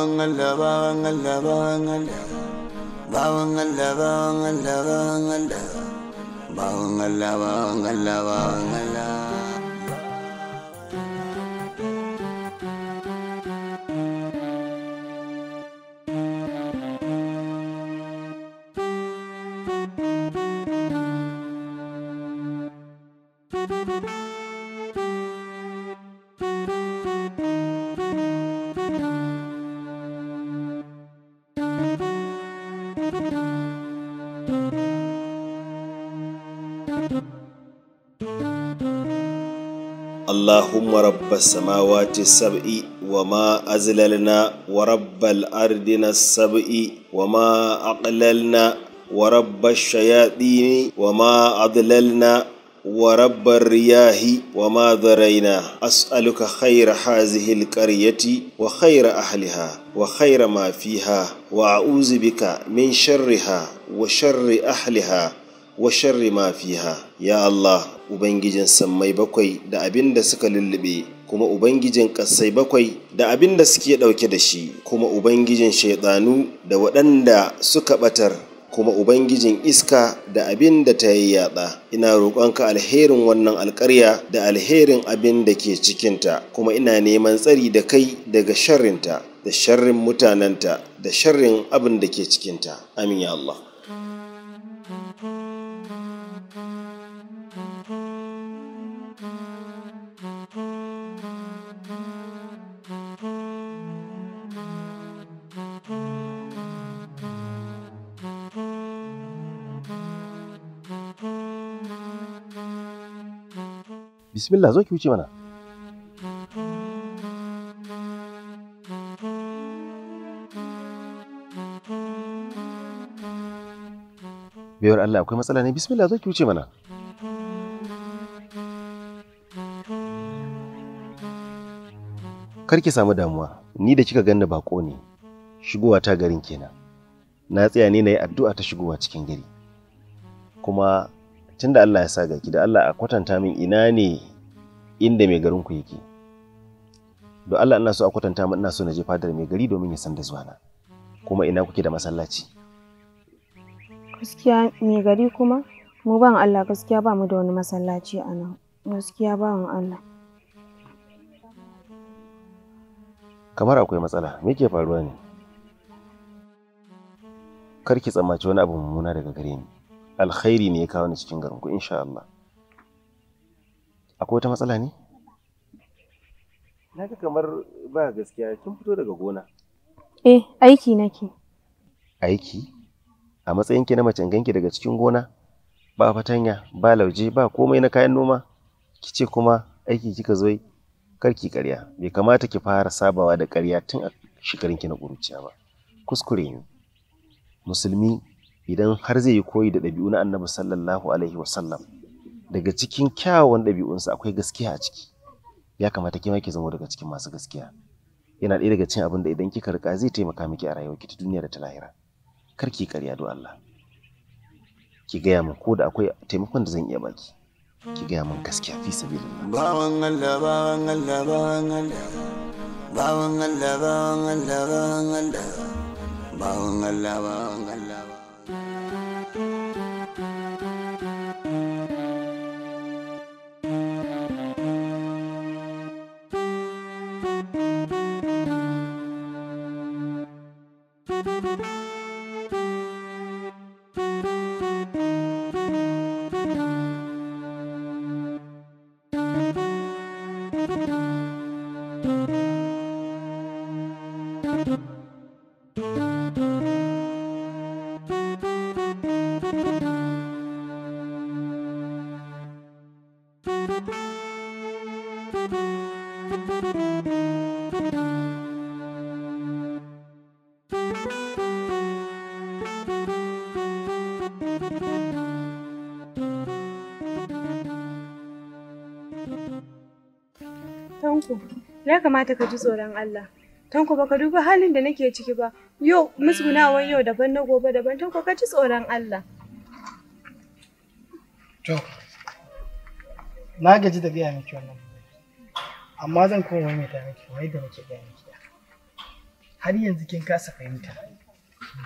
Ba bawangala bawangala bawangala bawangala bawangala bawangala bawangala bawangala bawangala اللهم رب السماوات السبع وما أزللنا ورب الأرضنا السبع وما أقللنا ورب الشياطين وما أضللنا ورب الرياح وما ذرينا أسألك خير هذه القرية وخير أهلها وخير ما فيها وأعوذ بك من شرها وشر أهلها وشر ما فيها يا الله Ubangijin sammai bakwai da abin da suka lullube kuma Ubangijin ƙasai bakwai da abin da suke ɗauke da shi kuma Ubangijin shaiɗanu da waɗanda suka ɓatar kuma Ubangijin iska da abin da ta yatsa, Ina roƙonka alherin wannan alƙarya da alherin abin da ke cikinta, kuma ina neman tsari da kai daga sharrinta, da sharrin mutanenta, da sharrin abin da ke cikinta. Amin ya Allah. bismillah zo ki wuce mana Biyar Allah akwai matsala ne bismillah zo ki wuce mana Kar ki samu damuwa ni da kika ganni bako ne shigowa ta garin kenan na tsaya ne na yi addu'a ta shigowa cikin gari kuma tunda Allah ya sa gaki da Allah a kwatanta min ina ne inda mai garin ku yake don Allah ina so a kwatanta mu ina so na je fadar mai gari domin ya san da zuwa na kuma ina kuke da masallaci gaskiya mai gari kuma mu ban Allah gaskiya ba mu da wani masallaci a nan gaskiya ba mu Allah kamar akwai matsala me ke faruwa ne kar ki tsammaci wani abu mummuna daga gare ni alkhairi ne ya kawo ni cikin garinku insha Allah akwai wata matsala ne na ga kamar ba gaskiya kin fito daga gona eh aiki nake aiki a matsayin ki na mace ganki daga cikin gona ba fatanya ba lauje ba komai na kayan noma kice kuma aiki kika zo kar ki karya bai kamata ki fara sabawa da karya tun a shekarun ki na ƙuruciya ba kuskure ne musulmi idan har zai yi koyi da ɗabi'u na annabi sallallahu alaihi wasallam daga cikin kyawawan ɗabi'unsa akwai gaskiya a ciki ya kamata kima ki zama daga cikin masu gaskiya yana ɗaya daga cikin abin da idan kika rika zai taimaka miki a rayuwarki ta duniya da ta lahira kar ki ƙarya do Allah ki gaya min ko da akwai taimakon da zan iya baki ki gaya min gaskiya fi sabilillah bawan Allah bawan Allah bawan Allah bawan Allah bawan Allah bawan Allah bawan Allah bawan Allah ya kamata ka ji tsoron Allah. Tanko baka duba halin da nake ciki ba. Yau musgunawan yau daban na gobe daban tanko ka ci tsoron Allah. To, na gaji da gaya miki wannan. Amma zan kuma wani ta miki kamar da nake gaya miki Har yanzu kin kasa fahimta.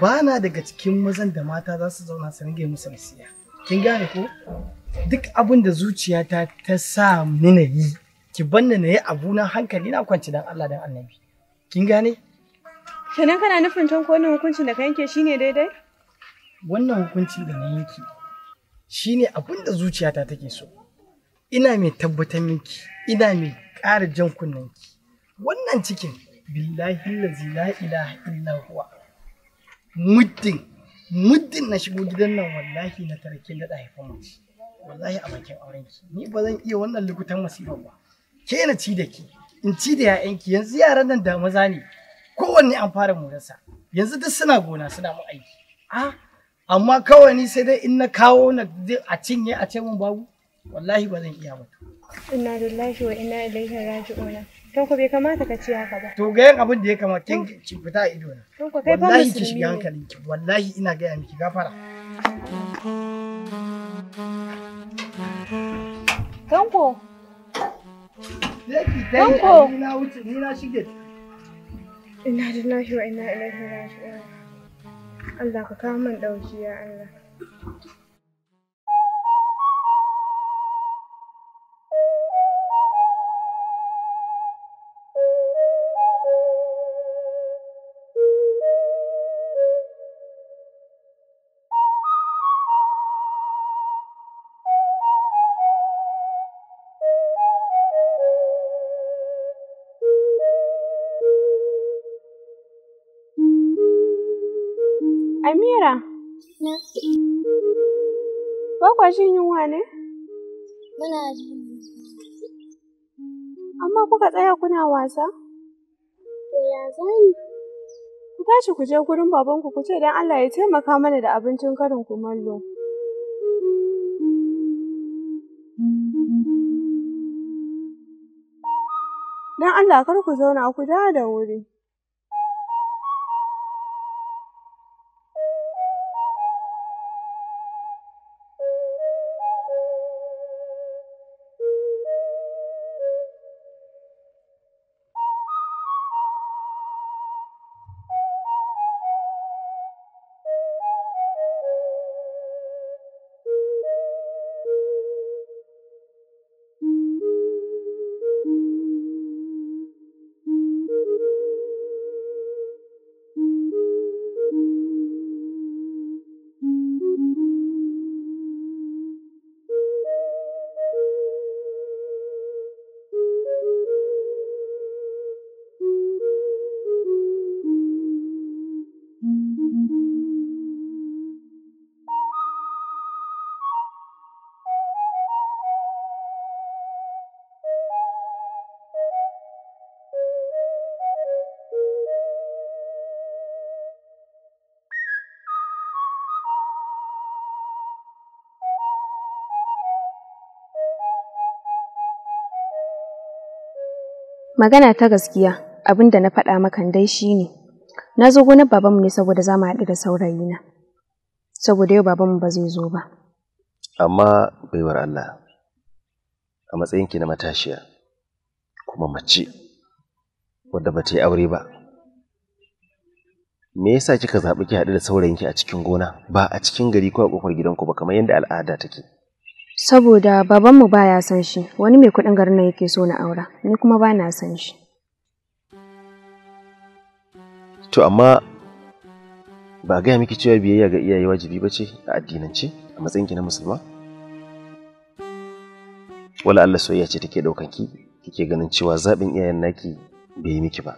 Ba na daga cikin mazan da mata za su zauna su rage musu nasiya. Kin gane ko? Duk abin da zuciyata ta sa ni yi, ki banna na yi abuna hankali na kwanci dan Allah dan Annabi. Kin gane? Kenan kana nufin tanko wannan hukuncin da ka yanke shine daidai? Wannan hukuncin da na yanke shine abin da zuciyata take so. Ina mai tabbatar miki, ina mai ƙara jan kunnanki. Wannan cikin billahi lazi la ilaha illa huwa. Muddin muddin na shigo gidan nan wallahi na tarkin da haifan mace. Wallahi a bakin aurenki. Ni ba zan iya wannan lukutan masifan ba. Ke na ci da ke. in ci da ‘ya'yanki yanzu yaran nan da maza ne kowanne an fara morarsa yanzu duk suna gona suna mu aiki a amma kawai ni sai dai in na kawo na a cinye a ce mun babu wallahi ba zan iya ba inna lillahi wa inna ilaihi raji'una don ku bai kamata ka ci haka ba to ga yan abin da ya kamata kin ki fita a ido na wallahi ki shiga ki wallahi ina gaya miki gafara Kanko, Tanko. Ni na Ina lillahi Allah ka kawo min dauki ya Allah. lafiya? Ba kwa jin yunwa ne? Muna ji. Amma kuka tsaya kuna wasa? ya zai? Ku tashi ku je gurin babanku ku ce don Allah ya taimaka mana da abincin karin kumallo. Don Allah kar ku zauna ku da da wuri. Magana ta gaskiya, abin da na faɗa makan dai shi ne, na zo gonar babanmu ne saboda za mu haɗu da saurayina, saboda yau babanmu ba zai zo ba. Amma baiwar Allah, a matsayinki na matashiya, kuma mace, wadda ba ta yi aure ba, me yasa kika zaɓi ki haɗu da saurayinki a cikin gona ba a cikin gari ko a ƙofar gidanku ba kamar yadda al'ada take? saboda babanmu baya san shi wani mai kuɗin garin nan yake so na aura ni kuma ba na san shi to amma ba gaya miki cewa biyayya ga iyaye wajibi ba ce a addinance a matsayinki na musulma wala Allah soyayya ce take ɗaukan ki kike ganin cewa zaɓin iyayen naki bai yi miki ba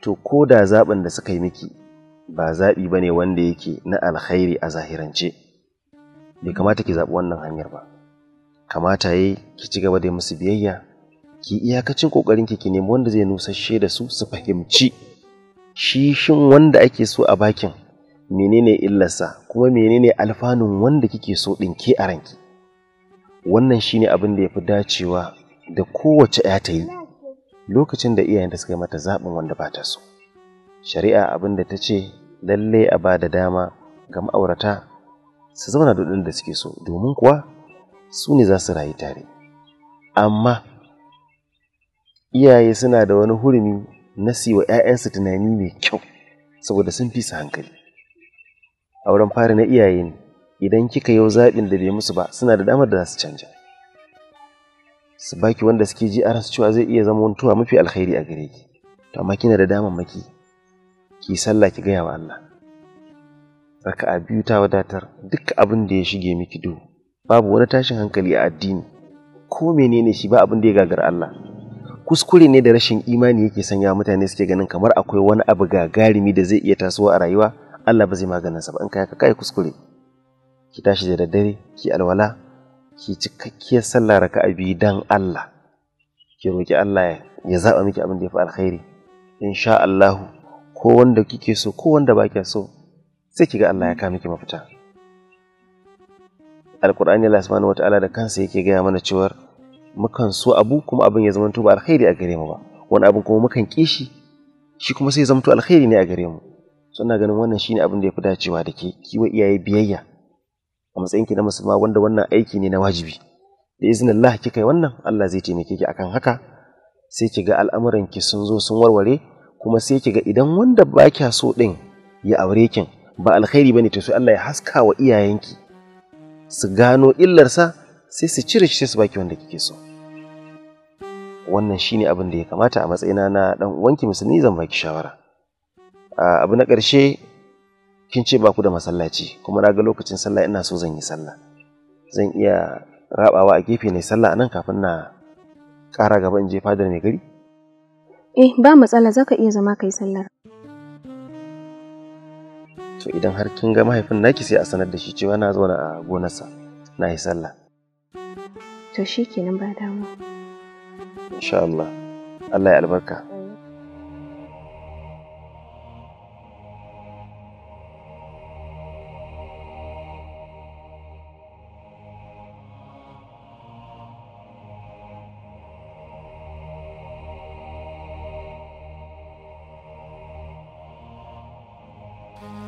to ko da zaɓin da suka yi miki ba zaɓi ba ne wanda yake na alkhairi a zahirance bai kamata ki zaɓi wannan hanyar ba kamata yi ki ci gaba da musu biyayya ki iyakacin kokarin ki ki nemi wanda zai nusashe da su su fahimci shi shin wanda ake so a bakin menene illarsa kuma menene alfanun wanda kike so ɗinke a ranki wannan shine abin da ya fi dacewa da kowace ya ta yi lokacin da iyayen da suka yi mata zaɓin wanda ba ta so shari'a abin da ta ce lallai a ba da dama ga ma'aurata su zauna da suke so domin kuwa su ne za su rayu tare amma iyaye suna da wani hurumi na siwa 'ya'yansu tunani mai kyau saboda sun fi su hankali auren fara na iyaye ne idan kika yau zaɓin da bai musu ba suna da damar da za su canja su baki wanda suke ji a su cewa zai iya zama mutuwa mafi alkhairi a gare ki to amma kina da maki, ki sallah ki gaya wa Allah raka'a biyu ta wadatar duk abin da ya shige miki duhu babu wani tashin hankali a addini ko menene shi ba abin da ya gagar Allah kuskure ne da rashin imani yake sanya mutane suke ganin kamar akwai wani abu gagarumi da zai iya tasowa a rayuwa Allah ba zai maganin sa ba in kai ka kai kuskure ki tashi da daddare ki alwala ki cikakkiyar sallah raka'a biyu dan Allah ki roki Allah ya zaba miki abin da ya fi alkhairi insha Allah ko wanda kike so ko wanda ba so sai kiga Allah ya kawo miki mafita alkur'ani Allah subhanahu wataala da kansa yake gaya mana cewa mukan so abu kuma abin ya zamanto ba alkhairi a gare mu ba wani abin kuma mukan kishi, shi kuma sai ya zamanto alkhairi ne a gare mu suna ganin wannan shine abin da ya fi dacewa da ke kiwa iyaye biyayya a matsayin ki na musulma wanda wannan aiki ne na wajibi da izinin Allah kika yi wannan Allah zai taimake ki akan haka sai ki ga al'amuran ki sun zo sun warware kuma sai ki ga idan wanda ba kya so din ya aure kin ba alkhairi bane to sai Allah ya haska wa iyayenki su gano illarsa sai su cire shi sai su baki wanda kike so wannan shine abin da ya kamata a matsayina na dan uwanki musulmi zan baki shawara abu na ƙarshe kin ce ba ku da masallaci kuma na ga lokacin sallah ina so zan yi sallah zan iya rabawa a gefe ne sallah anan kafin na ƙara gaba in je fadar mai gari eh ba matsala zaka iya zama kai sallar to idan har kin ga mahaifin naki sai a sanar da shi cewa na zauna a gonarsa na yi sallah to shi kenan ba damu insha Allah Allah ya albarka thank you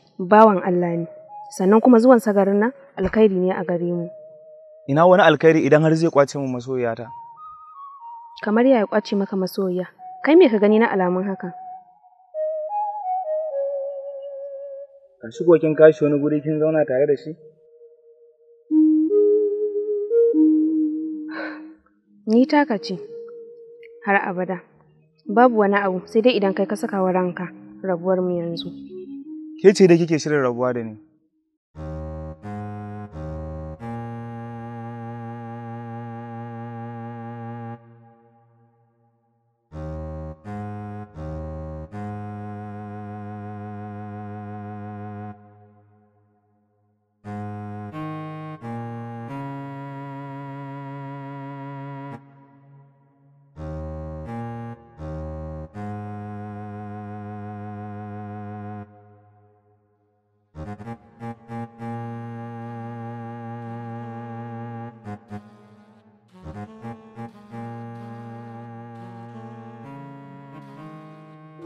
bawan Allah ne sannan kuma zuwan sa garin nan alkhairi ne a gare mu ina wani alkhairi idan har zai kwace mu masoyata kamar ya kwace maka masoyiya kai me ka gani na alamun haka ka shigo kin kashi wani guri kin zauna tare da shi ni taka ce har abada babu wani abu sai dai idan kai ka saka wa ranka rabuwar mu yanzu ke ce da kike shirin rabuwa da ni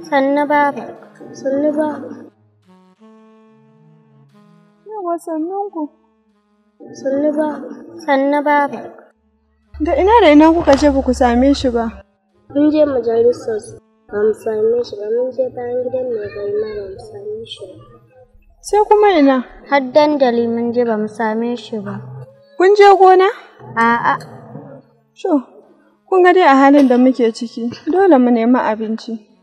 Sannu baba. Sannu baba. Yawa sannunku. Sannu baba. Sannu baba. Da ina da ina kuka je ba ku same shi ba. Mun je majalisar su. Ba mu same shi ba mun je bayan gidan mai gari ma ba mu same shi ba. Sai kuma ina? Har dandali mun je ba mu same shi ba. Kun je gona? A'a. To, kun ga dai a halin da muke ciki, dole mu nemi abinci.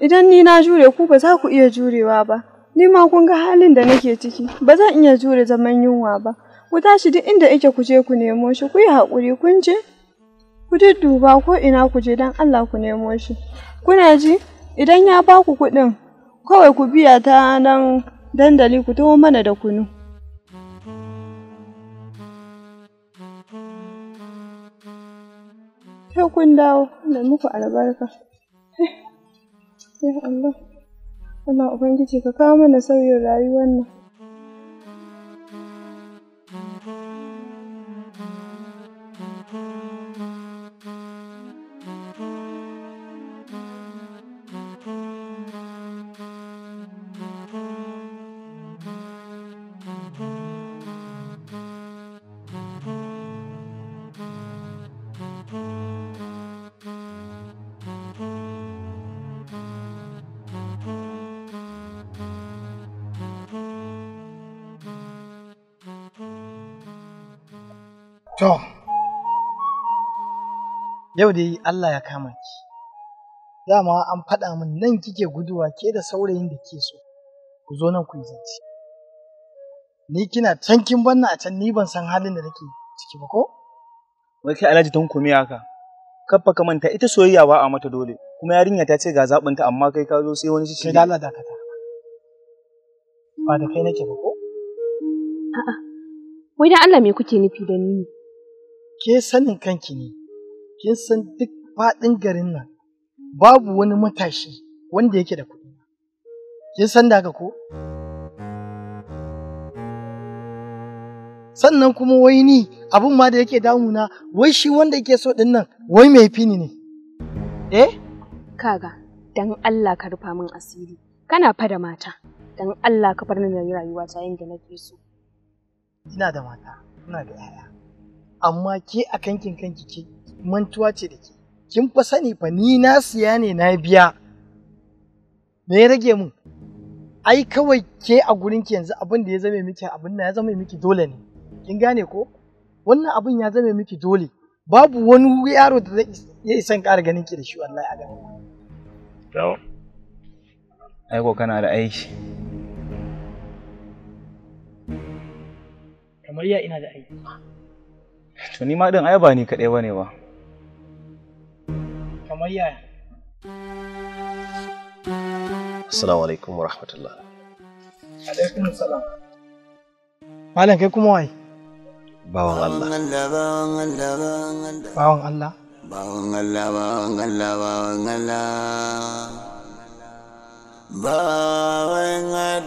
Idan ni na jure ku ba za ku iya jurewa ba. Ni ma kun ga halin da nake ciki, ba zan iya jure zaman yunwa ba. Ku tashi duk inda yake ku je ku nemo shi, ku yi haƙuri kun je. Ku duba, ko ina ku je don Allah ku nemo shi. Kuna ji? Idan ya ba ku kuɗin, kawai ku biya ta nan dandali ku taho mana da kunu. Kai kun dawo, da muku albarka. Ya Allah, Allah Ubangiji ka kawo mana sauyin rayuwar nan. To, yau dai Allah ya kama ki, dama an faɗa min nan kike guduwa ke da saurayin da ke so, ku zo nan ku yi zance. Ni kina can kin banna a can ni ban san halin da nake ciki ba ko? Wai kai Alhaji tun me haka? Kaffa ka manta ita soyayya ba a mata dole, kuma yarinya ta ce ga zaɓinta amma kai ka zo sai wani shi. Kai da Allah dakata. Ba da kai nake ba ko? A'a, wai da Allah me kuke nufi da ni ke sanin kanki ne, kin san duk faɗin garin nan babu wani matashi wanda yake da kuɗi. Kin san da haka ko? Sannan kuma wai ni abin ma da yake damuna wai shi wanda yake so ɗin nan wai mai fini ne. Eh? Kaga, don Allah ka rufa min asiri, kana fada mata, don Allah ka bar ni da rayuwa ta yadda nake so. Ina da mata, ina da 'ya'ya. amma ke a kankin kanki ke mantuwa ce da ke kin fa sani fa ni na siya ne na biya me ya rage mun ai kawai ke a gurin ki yanzu abin da ya zame miki abin na ya zame miki dole ne kin gane ko wannan abin ya zame miki dole babu wani yaro da zai ya isan ƙara ganin ki da shi wallahi a gani. to ai ko kana da aiki kamar ya ina da aiki To ni ma ɗin ai ba ni kaɗai ba ne ba. Kamar yaya? Assalamu alaikum wa rahmatullah. Alaikum salam. Malam kai kuma wai? Bawan Allah. Bawan Allah. Bawan Allah, bawan Allah, bawan Allah. Bawan Allah.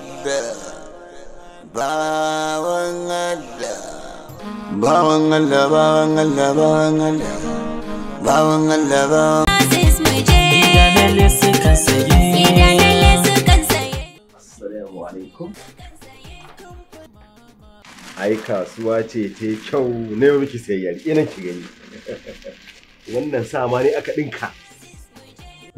Bawan Allah. bawan Allah bawan Allah bawan Allah bawan Allah bawan Assalamu alaikum ai kasuwa ce ta kyau na yau miki sayayyar ina ki gani wannan sama ne aka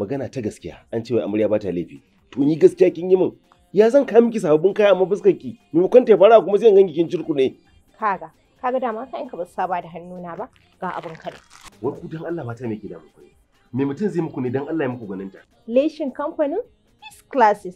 magana ta gaskiya an ce wai amarya ba ta laifi to ni gaskiya kin yi min ya zan ka miki sababbin kaya amma fuskar ki maimakon ta fara kuma sai in ganki kin cirku ne kaga kaga dama ka in ka ba saba da hannuna ba ga abin kare. warku wai ku dan Allah mata me ke da muku ne me mutum zai muku ne dan Allah ya muku ganin ta leshin kamfanin class classes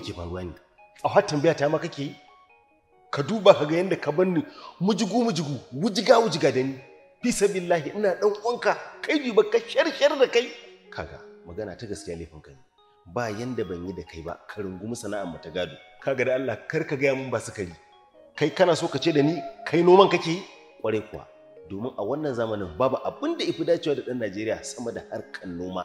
yake faruwa ne a har tambaya ta ma ke ka duba ka ga yadda ka bar mujigu mujigu wujiga wujiga da ni fi sabillahi ina dan uwanka kai bi ba ka sharshar da kai kaga magana ta gaskiya laifin ka ba yanda ban yi da kai ba ka rungumi sana'ar mu ta gado kaga da Allah kar ka gaya min ba su kari. kai kana so ka ce da ni kai noman kake yi kwarai kuwa domin a wannan zamanin babu abin da ifi dacewa da ɗan Najeriya sama da harkar noma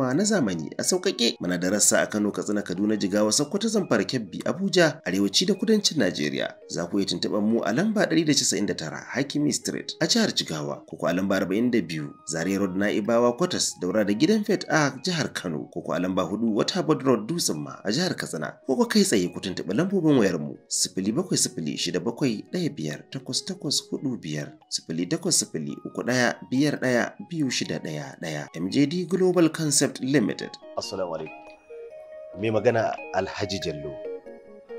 al'umma na zamani a sauƙaƙe. Muna da a Kano, Katsina, Kaduna, Jigawa, Sokoto, Zamfara, Kebbi, Abuja, Arewaci da Kudancin Najeriya. Za ku iya tuntuɓar mu a lamba 199 Hakimi Street a jihar Jigawa, ko a lamba 42 Zaria Road Na'ibawa Kwatas daura da gidan Fet a jihar Kano, ko a lamba 4 Waterboard Road Dutsen ma a jihar Katsina, ko kai tsaye ku tuntuɓi lambobin wayar mu takwas 0803 uku ɗaya biyar ɗaya biyu shida ɗaya ɗaya mjd global concept Limited Limited. Assalamu alaikum. Mai magana Alhaji Jallo.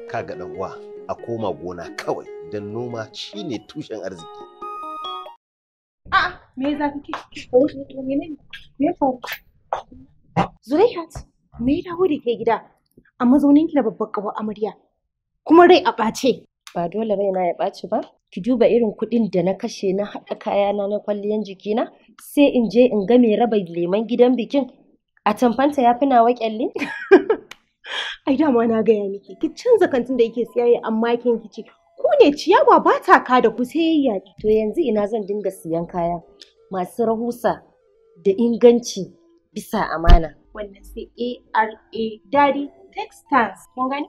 Kaga dan uwa a koma gona kawai don noma shine tushen arziki. A'a, me za ki ke? Me fa? Zulaihat, me ya hudi ke gida? A mazaunin ki da babbar kawo amarya. Kuma rai a ɓace. Ba dole rai na ya ɓaci ba. Ki duba irin kuɗin da na kashe na haɗa kayana na kwalliyan jikina. Sai in je in ga mai raba leman gidan bikin a tamfanta ya fi nawa kyalle ai dama na gaya miki ki canza kantin da yake siyayya amma kin ce ku ne ciyawa ba ta ka da ku sai yaƙi to yanzu ina zan dinga siyan kaya masu rahusa da inganci bisa amana wannan sai ARA Daddy Textiles kun gani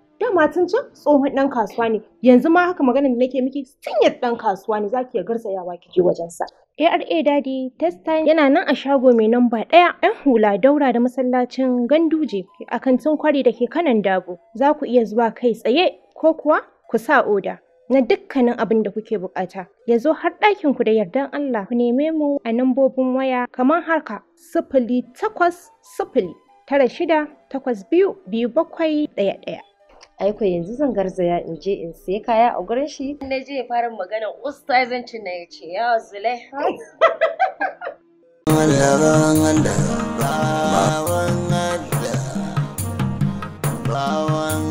dama tun can tsohon ɗan kasuwa ne yanzu ma haka magana da nake miki sinyar ɗan kasuwa ne zaki ya garsayawa kike wajen sa ARA Daddy test time yana nan a shago mai namba ɗaya ‘yan hula daura da masallacin ganduje a kantin kwari da ke kanan dabo za ku iya zuwa kai tsaye ko kuwa ku sa oda na dukkanin abin da kuke bukata ya zo har ɗakin ku da yardan Allah ku neme mu a nambobin waya kamar haka sifili takwas sifili tara shida takwas biyu biyu bakwai ɗaya ɗaya aiko yanzu zan garzaya in je in sai kaya a gurin shi na je ya fara magana ustazancin na ya ce ya zule